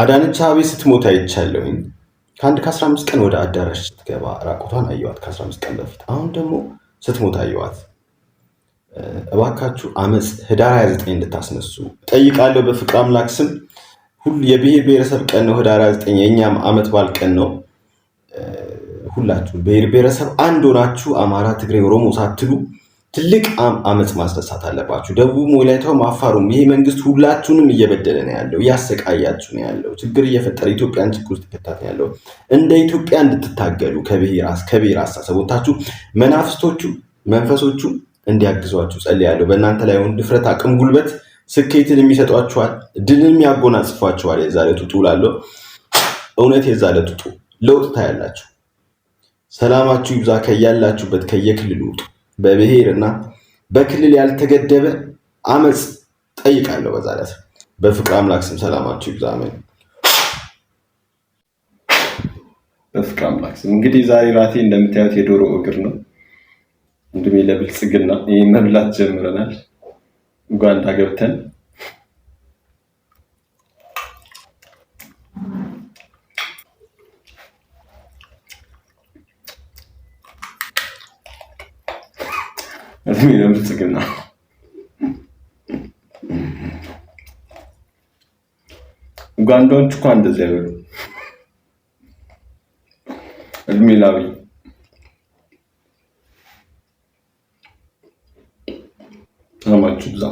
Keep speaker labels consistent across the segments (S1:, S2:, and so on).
S1: አዳነች አቤቤ ስትሞት አይቻለሁኝ። ከአንድ ከ15 ቀን ወደ አዳራሽ ስትገባ ራቁቷን አየዋት፣ ከ ከ15 ቀን በፊት። አሁን ደግሞ ስትሞት አየዋት። እባካችሁ አመፅ ህዳር 29 እንድታስነሱ ጠይቃለሁ። በፍቅር አምላክ ስም ሁሉ የብሔር ብሔረሰብ ቀን ነው ህዳር 29 የእኛም አመት በዓል ቀን ነው። ሁላችሁ ብሔር ብሔረሰብ አንድ ሆናችሁ አማራ፣ ትግሬ፣ ኦሮሞ ሳትሉ ትልቅ አመት ማስነሳት አለባችሁ። ደቡብ፣ ወላይታውም፣ አፋሩም ይሄ መንግስት ሁላችሁንም እየበደለ ነው ያለው፣ እያሰቃያችሁ ነው ያለው፣ ችግር እየፈጠረ ኢትዮጵያን ችግር ውስጥ ይከታት ነው ያለው። እንደ ኢትዮጵያ እንድትታገሉ ከብሔር አስተሳሰቦታችሁ መናፍስቶቹ መንፈሶቹ እንዲያግዟችሁ ጸልያለሁ። በእናንተ ላይ ሆን ድፍረት፣ አቅም፣ ጉልበት ስኬትን የሚሰጧችኋል፣ ድልንም ያጎናጽፏችኋል። የዛለት ውጡ ላለው እውነት የዛለት ውጡ፣ ለውጥ ታያላችሁ። ሰላማችሁ ይብዛ። ከያላችሁበት ከየክልሉ ውጡ። በብሔር እና በክልል ያልተገደበ አመፅ ጠይቃለሁ። በዛ ዕለት በፍቅር አምላክ ስም ሰላማችሁ ይብዛ። አሜን። በፍቅር አምላክ ስም እንግዲህ ዛሬ ራቴ እንደምታዩት የዶሮ እግር ነው። እንድሜ ለብልጽግና ይህ መብላት ጀምረናል። ኡጋንዳ ገብተን እድሜ ለብልጽግና ኡጋንዳዎች እኳ እንደዚህ አይበሉ። እድሜ ላቢ ሰማችሁ ብዛ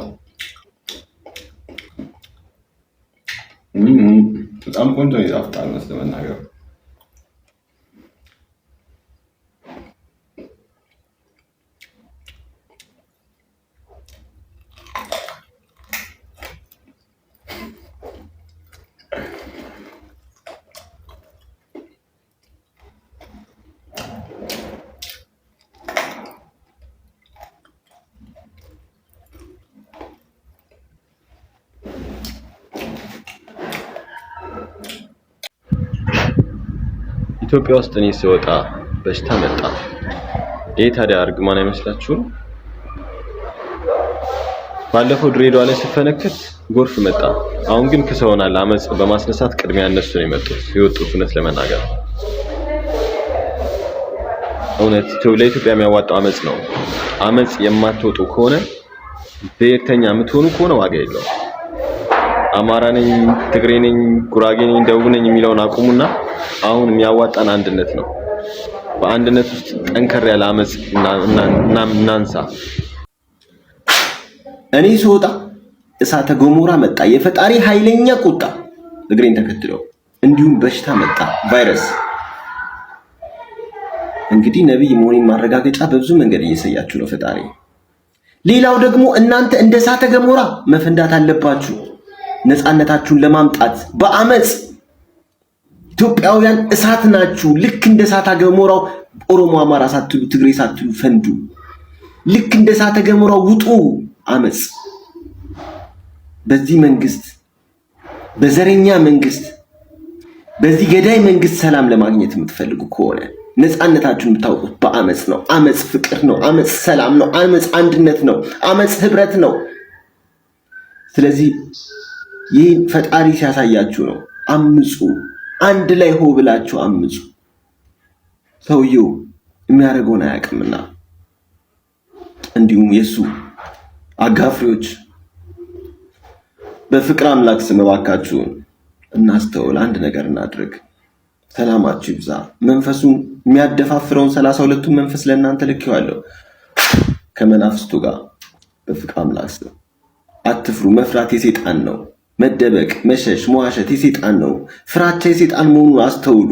S1: በጣም ቆንጆ ይጣፍጣል መስለመናገር ኢትዮጵያ ውስጥ እኔ ስወጣ በሽታ መጣ። ይህ ታዲያ እርግማን አይመስላችሁም? ባለፈው ድሬዳዋ ላይ ስፈነክት ጎርፍ መጣ። አሁን ግን ክሰውናል። አመፅ በማስነሳት ቅድሚያ እነሱ ነው የመጡት የወጡት። እውነት ለመናገር እውነት ለኢትዮጵያ የሚያዋጣው አመፅ ነው። አመፅ የማትወጡ ከሆነ ብሔርተኛ የምትሆኑ ከሆነ ዋጋ የለውም። አማራ ነኝ፣ ትግሬ ነኝ፣ ጉራጌ ነኝ፣ ደቡብ ነኝ የሚለውን አቁሙና አሁን የሚያዋጣን አንድነት ነው። በአንድነት ውስጥ ጠንከር ያለ አመፅ እናንሳ። እኔ ስወጣ እሳተ ገሞራ መጣ፣ የፈጣሪ ኃይለኛ ቁጣ እግሬን ተከትለው፣ እንዲሁም በሽታ መጣ፣ ቫይረስ። እንግዲህ ነቢይ መሆኔን ማረጋገጫ በብዙ መንገድ እየሰያችሁ ነው ፈጣሪ። ሌላው ደግሞ እናንተ እንደ እሳተ ገሞራ መፈንዳት አለባችሁ። ነፃነታችሁን ለማምጣት በአመፅ ኢትዮጵያውያን እሳት ናችሁ። ልክ እንደ እሳተ ገሞራው ኦሮሞ፣ አማራ ሳትሉ ትግሬ ሳትሉ ፈንዱ። ልክ እንደ እሳተ ገሞራው ውጡ አመፅ። በዚህ መንግስት፣ በዘረኛ መንግስት፣ በዚህ ገዳይ መንግስት ሰላም ለማግኘት የምትፈልጉ ከሆነ ነፃነታችሁን የምታውቁት በአመፅ ነው። አመፅ ፍቅር ነው። አመፅ ሰላም ነው። አመፅ አንድነት ነው። አመፅ ህብረት ነው። ስለዚህ ይህ ፈጣሪ ሲያሳያችሁ ነው። አምፁ፣ አንድ ላይ ሆ ብላችሁ አምፁ። ሰውየው የሚያደርገውን አያውቅምና እንዲሁም የእሱ አጋፍሪዎች በፍቅር አምላክ ስም እባካችሁን እናስተውል። አንድ ነገር እናድርግ። ሰላማችሁ ይብዛ። መንፈሱ የሚያደፋፍረውን ሰላሳ ሁለቱን መንፈስ ለእናንተ ልኬዋለሁ ከመናፍስቱ ጋር በፍቅር አምላክ ስም አትፍሩ። መፍራት የሴጣን ነው። መደበቅ፣ መሸሽ፣ መዋሸት የሴጣን ነው። ፍራቻ የሴጣን መሆኑን አስተውሉ።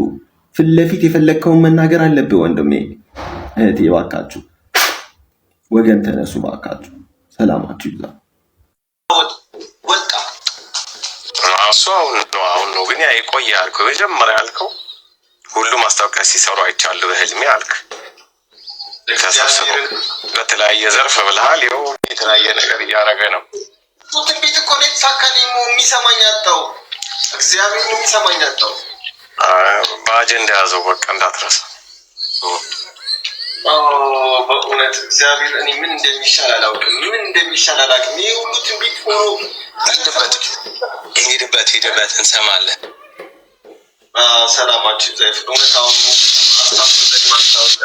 S1: ፊት ለፊት የፈለግከውን መናገር አለብህ ወንድሜ፣ እህቴ። ባካችሁ ወገን ተነሱ፣ ባካችሁ። ሰላማችሁ ይብዛ።
S2: እሱ አሁን ነው አሁን ነው ግን የቆየ የመጀመሪያ ሁሉ ማስታወቂያ ሲሰሩ በህልሜ አልክ። ተሰብስበው በተለያየ ዘርፍ ብልሃል። ይኸው የተለያየ ነገር እያደረገ ነው
S3: ቱትን ቤት እኮ ነው የተሳካልኝ። የሚሰማኝ አጣው፣ እግዚአብሔር የሚሰማኝ
S2: በአጀንዳ ያዘው በቃ እንዳትረሳ
S3: በእውነት እግዚአብሔር እኔ ምን እንደሚሻል አላውቅም፣ ምን እንደሚሻል አላውቅም። ይህ ሁሉ ትንቢት ሆኖ ሄድበት
S2: ሄድበት ሄድበት እንሰማለን። እውነት አሁን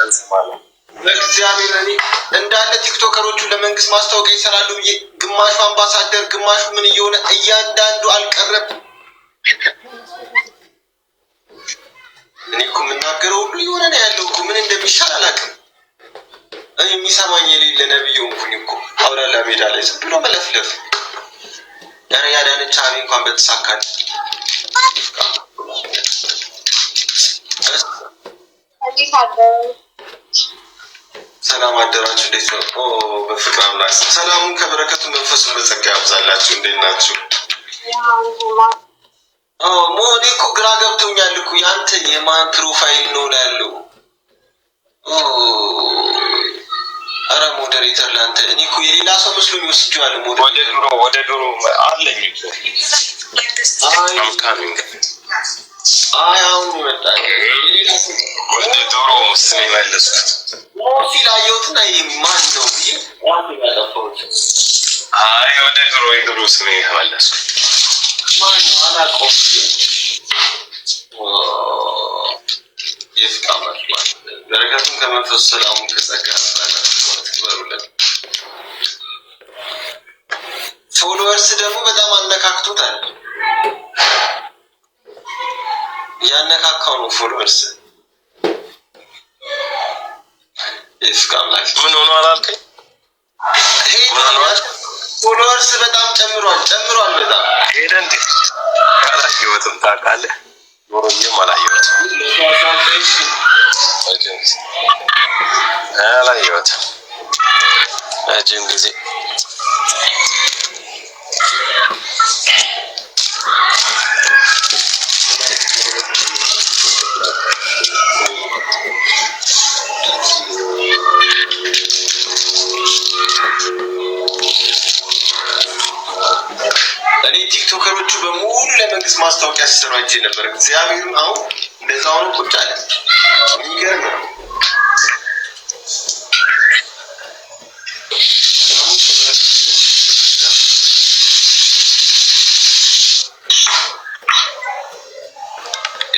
S2: እንሰማለን
S3: በእግዚአብሔር እኔ እንዳለ ቲክቶከሮቹ ለመንግስት ማስታወቂያ ይሰራሉ ብዬ ግማሹ አምባሳደር፣ ግማሹ ምን እየሆነ እያንዳንዱ አልቀረም። እኔ እኮ የምናገረው ሁሉ የሆነ ነው ያለው እኮ ምን እንደሚሻል አላውቅም። እኔ የሚሰማኝ የሌለ ነብዩ እንኩን እኮ አውላላ ሜዳ ላይ ዝም ብሎ መለፍለፍ ያኔ ያዳነች አቤ እንኳን በተሳካል
S2: እንዴት ሰላም አደራችሁ። እንዴት ነው? በፍቅር አምላክ ሰላሙን ከበረከቱ መንፈሱን በጸጋ ያብዛላችሁ። እንዴት ናችሁ?
S3: ሞ እኔ እኮ ግራ ገብቶኛል እኮ ያንተ የማን ፕሮፋይል ነው ላለው። አረ ሞዴሬተር ላንተ እኔ እኮ የሌላ ሰው ምስሉ ይወስጃል።
S2: ወደ ድሮ ወደ ድሮ አለኝ ወደ ድሮ ምስል የመለሱት
S3: ሞፊል ማን ነው
S2: አይ ወደ ድሮ የድሮ ስሜ የመለሱት በረከቱን ከመንፈሱ ሰላሙ ከጸጋ
S3: ፎሎወርስ ደግሞ በጣም አነካክቶታል። ያነካካው ነው ፎሎወርስ
S2: ይስካምላክ ምን ሆኖ አላልከኝ?
S3: ፎሎወርስ በጣም ጨምሯል ጨምሯል። በጣም
S2: ሄደ እንዴ? አላየሁትም። ታውቃለህ ኖሮዬም አላየሁትም አላየሁትም። ረጅም ጊዜ
S3: እኔ ቲክቶከሮቹ በሙሉ ለመንግስት ማስታወቂያ ሲሰሩ አይቼ ነበር። እግዚአብሔርም አሁን እንደዛ ሆኖ ቁጭ አለ። የሚገርም ነው።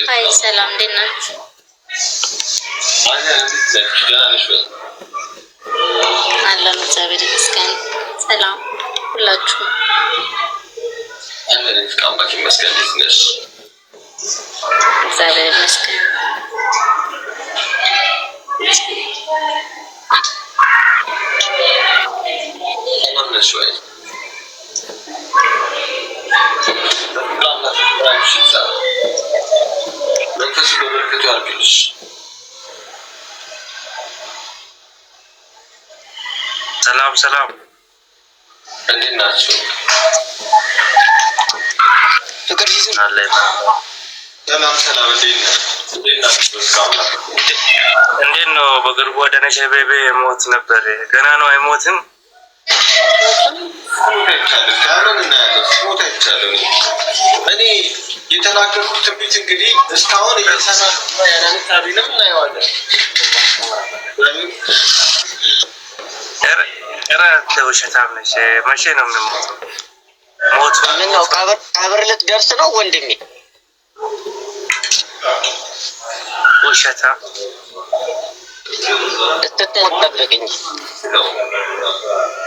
S4: Hayır selam dinle.
S2: Aynen bize. Yani şu.
S4: አለን እግዚአብሔር ይመስገን። ሰላም ሁላችሁም።
S2: አለን አምላክ ይመስገን። እንዴት ነሽ?
S4: እግዚአብሔር ይመስገን።
S2: ሰላም ነሽ ወይ? Thank you. መንፈሱ በበረከቱ ያርግልሽ። ሰላም ሰላም፣ እንዴት ናችሁ? ፍቅር ሲዝም ሰላም ሰላም፣ እንዴት ነው? በቅርቡ አዳነች አቤቤ ሞት ነበር። ገና ነው አይሞትም
S3: እኔ የተናገርኩት ትንቢት እንግዲህ እስካሁን እየሰራ ያለንም እናየዋለን።
S2: ውሸታም ነሽ። መቼ ነው የምንሞተው?
S3: ሞት ምነው ቀብር ልትደርስ ነው ወንድሜ?
S2: ውሸታም
S4: ልትሞት ጠብቅ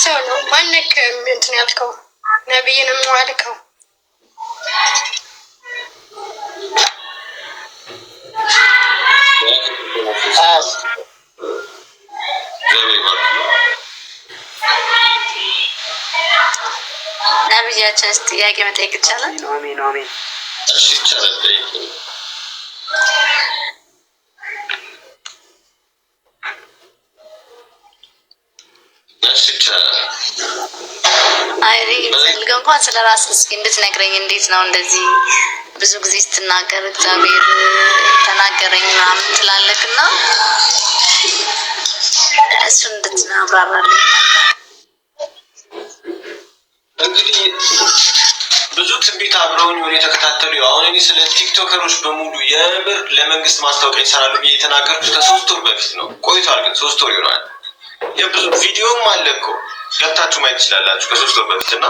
S4: ሰው ነው። ማነክ እንትን ያልከው ነቢይንም ነው አልከው። ነብያችን ጥያቄ መጠየቅ ይቻላል?
S3: አሜን አሜን።
S2: እሺ ይቻላል።
S4: ፈልገው እንኳን ስለ ራስ እስኪ እንድትነግረኝ እንዴት ነው እንደዚህ ብዙ ጊዜ ስትናገር እግዚአብሔር ተናገረኝ ምናምን ትላለህ እና እሱ እንድትናብራራል
S3: እንግዲህ ብዙ ትንቢት አብረውን የሆነ የተከታተሉ አሁን እኔ ስለ ቲክቶከሮች በሙሉ የምር ለመንግስት ማስታወቂያ ይሰራሉ ብዬ የተናገርኩት ከሶስት ወር በፊት ነው። ቆይቷል ግን ሶስት ወር ይሆናል። የብዙ ቪዲዮም አለ እኮ ገብታችሁ ማየት ትችላላችሁ። ከሶስት ወር በፊት እና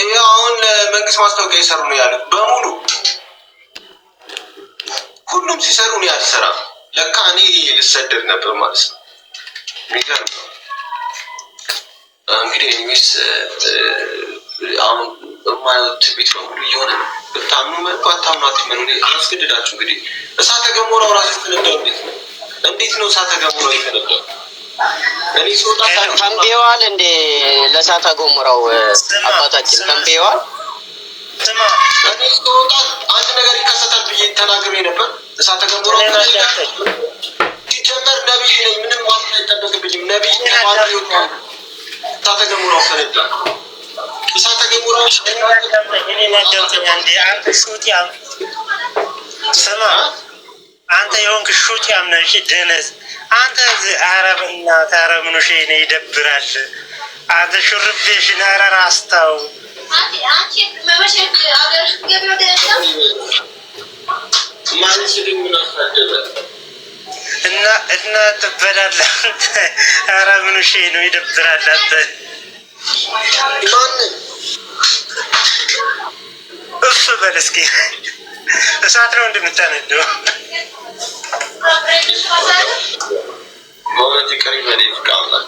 S3: ይህ አሁን ለመንግስት ማስታወቂያ ይሰሩ ነው ያሉት በሙሉ ሁሉም ሲሰሩ ነው ያልሰራ ለካ እኔ ልሰደድ ነበር ማለት ነው። የሚገርም እንግዲህ ሚስ አሁን ማነት ቤት በሙሉ እየሆነ ነው። ብታምኑ መልኩ አታምናት መ አስገድዳችሁ እንግዲህ እሳተ ገሞራው ራሱ የተነዳው እንዴት ነው? እንዴት ነው እሳተ ገሞራው የተነዳው?
S4: ተንብየዋል እንዴ? ለእሳተ ገሞራው አባታችን ተንብየዋል።
S3: አንድ ነገር ይከሰታል ብዬ ተናግሬ ነበር። እሳተ ገሞራው ሲጀመር ነቢይ ነኝ፣ ምንም ዋስትና አይጠበቅብኝም። ነቢይ እሳተ ገሞራው ፈነዳ። እሳተ ገሞራው
S2: ስማ፣ አንተ የሆንክ ሹት ያምነሽ ድህነት አንተ አረብና ታረምኑሽ ነው ይደብራል። አንተ ሹርቤሽን ኧረ ራስታው እና እና ትበላለህ። ኧረ ምኑሽ ነው ይደብራል። አንተ እሱ በል እስኪ እሳት ነው እንደምታነደው
S3: በእውነት ይቅር ይበለኝ አምላክ።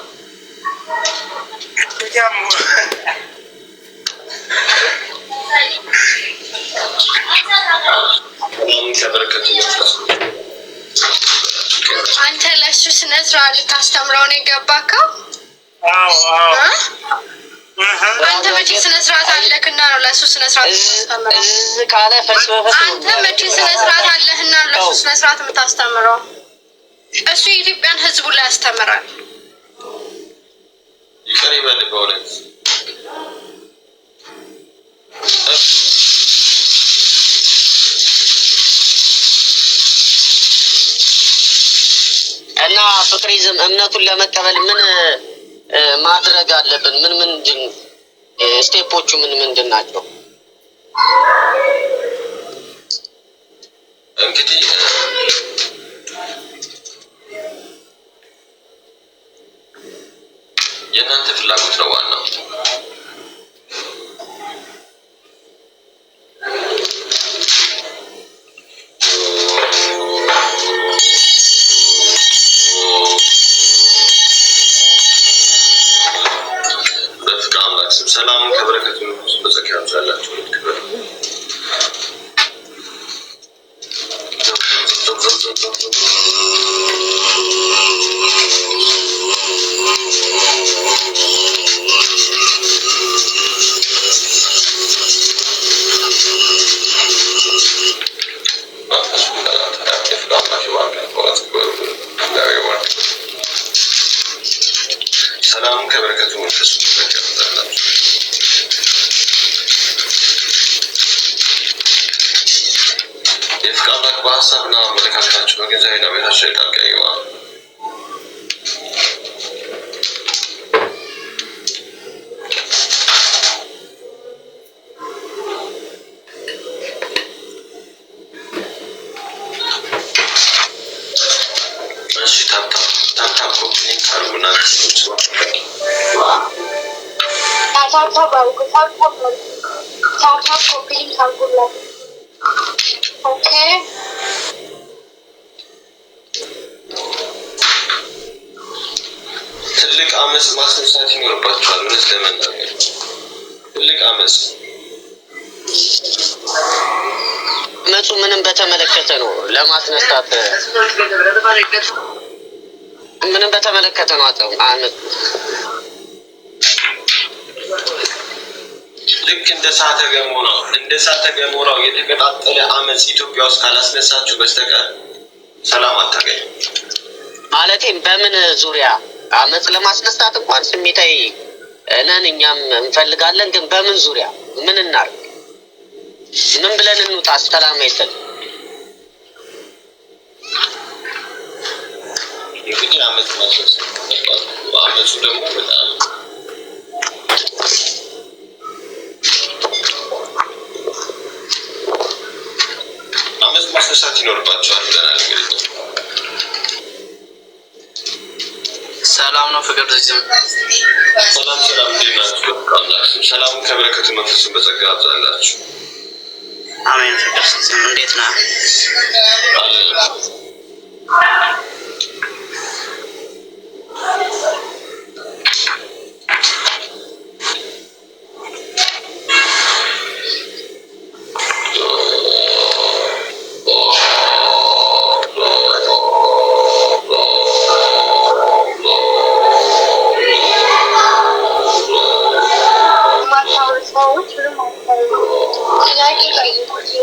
S4: አንተ ለሱ ስነ ስርዓት ልታስተምረው ነው የገባከው? አንተ መቼ ስነ ስርዓት አለህና ነው ለሱ ስነ ስርዓት አንተ መቼ ስነ ስርዓት አለህና ነው ለሱ ስነ ስርዓት የምታስተምረው? እሱ የኢትዮጵያን ህዝቡ ላይ ያስተምራል።
S3: እና ፍቅሪዝም እምነቱን ለመቀበል ምን ማድረግ አለብን? ምን ምንድን ስቴፖቹ ምን ምንድን ናቸው?
S2: እንግዲህ የእናንተ ፍላጎት ነው ዋናው። ስም ሰላሙን ከበረከቱ በጸጋ ያብዛላችሁ። ልክ ትልቅ አመፅ ማስነሳት ይኖርባቸዋል። እውነት ለመናገር ትልቅ አመፅ
S3: መፁ ምንም በተመለከተ ነው ለማስነሳት ምንም በተመለከተ ነው። አጠው አመት
S2: ልክ እንደ እሳተ ገሞራው እንደ እሳተ ገሞራው የተቀጣጠለ አመት ኢትዮጵያ ውስጥ ካላስነሳችሁ በስተቀር ሰላም አታገኝ።
S3: ማለቴም በምን ዙሪያ አመት ለማስነሳት እንኳን ስሜታዊ ነን፣ እኛም እንፈልጋለን። ግን በምን ዙሪያ ምን እናርግ? ምን ብለን እንውጣ? ሰላም አይሰልም
S2: አመት መድረስ አመፁ ደግሞ በጣም አመት ማስነሳት ይኖርባቸዋል ብለናል። እንግዲህ ሰላም ነው ፍቅር ዝም ሰላም ሰላም ናቸው። አላችሁ ሰላም ከበረከቱ መንፈስን በጸጋ አብዛላችሁ።
S3: አሜን። ፍቅር ዝም እንዴት ነህ?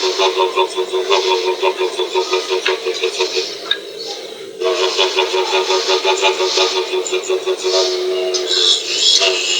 S2: Thank you.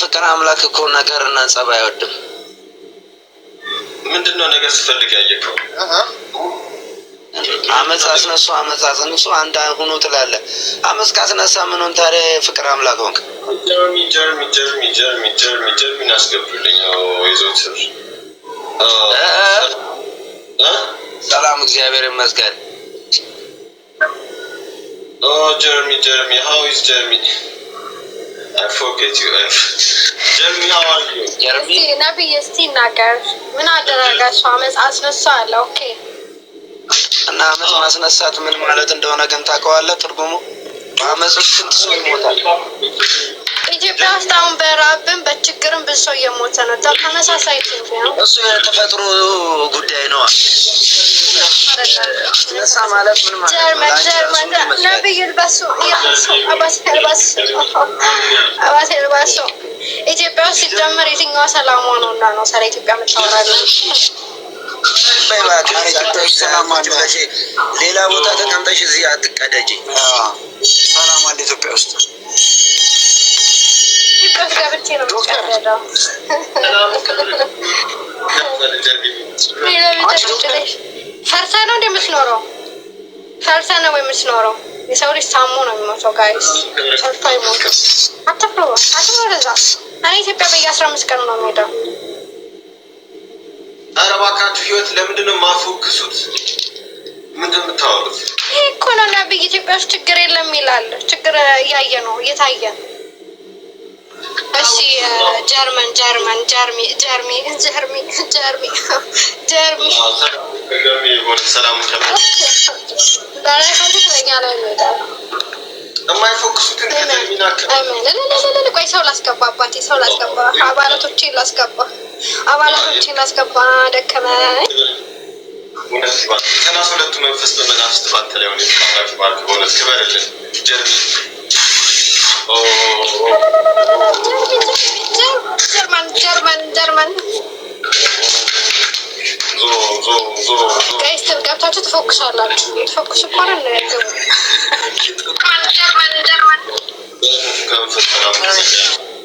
S3: ፍቅር አምላክ እኮ ነገር እና ጸብ አይወድም።
S2: ምንድን ነው ነገር ስፈልግ ያየከው
S3: አመፅ አስነሱ፣ አመፅ አስነሱ አንድ ሁኑ ትላለህ። አመፅ ካስነሳ ምንን ሆን ታዲያ? ፍቅር አምላክ ሆንክ።
S2: ጀርሚ ጀርሚ ጀርሚ ጀርሚ ጀርሚ ጀርሚ አስገቡልኝ። የዘውትር
S3: ሰላም እግዚአብሔር ይመስገን።
S2: ጀርሚ ጀርሚ ሀው ኢዝ ጀርሚ
S4: ነቢይ እስቲ ይናገር። ምን አደረገች? አመፅ አስነሳ አለ። ኦኬ።
S3: እና አመፅ ማስነሳት ምን ማለት እንደሆነ ግን ታውቀዋለህ ትርጉሙ? በአመፅ ስንት ሰው ይሞታል?
S4: ኢትዮጵያ ውስጥ አሁን በረሃብን በችግርም ብዙ ሰው እየሞተ ነው። ተመሳሳይ
S3: እሱ የተፈጥሮ ጉዳይ ነው።
S4: ኢትዮጵያ ውስጥ ሲጀመር የትኛው ሰላም ሆኖና ነው ስለ ኢትዮጵያ የምታወራው?
S3: ሌላ ቦታ ተቀምጠሽ እዚህ አትቀደጂ። ሰላም አለ ኢትዮጵያ ውስጥ።
S4: ፈርሰ ነው እንደምትኖረው ፈርሰ ነው የምትኖረው። የሰው ልጅ ሳሞ ነው የሚሞተው። ጋይስ ፈርቶ አይሞትም። አትፍሩ፣ አትፍሩ። ወደዛ እኔ ኢትዮጵያ በየ አስራ አምስት ቀን ነው የሚሄደው
S2: ኧረ እባካችሁ ህይወት ለምንድን ነው ምንድን የምታወሩት?
S4: ይህ እኮ ነው ነብይ፣ ኢትዮጵያ ውስጥ ችግር የለም ይላል። ችግር እያየ ነው እየታየ እሺ ጀርመን ጀርመን ጀርሚ ጀርሚ ጀርሚ ጀርሚ ጀርሚ ሰው ላስገባ አባቴ፣ ሰው ላስገባ፣ አባላቶቼ ላስገባ አባላቶች አስገባ ደከመ
S2: ከናስ ሁለቱ መንፈስ በመናፍስት ላይ ሆነ ባላችሁ ባልክ በእውነት ክበርልን ጀርሚ
S4: ጀርመን ጀርመን ጀርመን ጋይስ ገብታችሁ ትፎክሳላችሁ። ትፎክሱ ጀርመን ጀርመን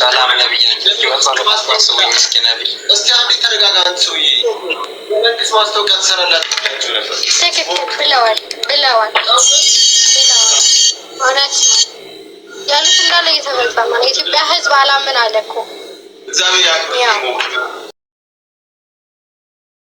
S3: ሰላም ነብይ ነብይ አንዴ ማስታወቂያ
S4: ብለዋል ብለዋል እውነት ያሉት እንዳለ የኢትዮጵያ ህዝብ አላምን አለ እኮ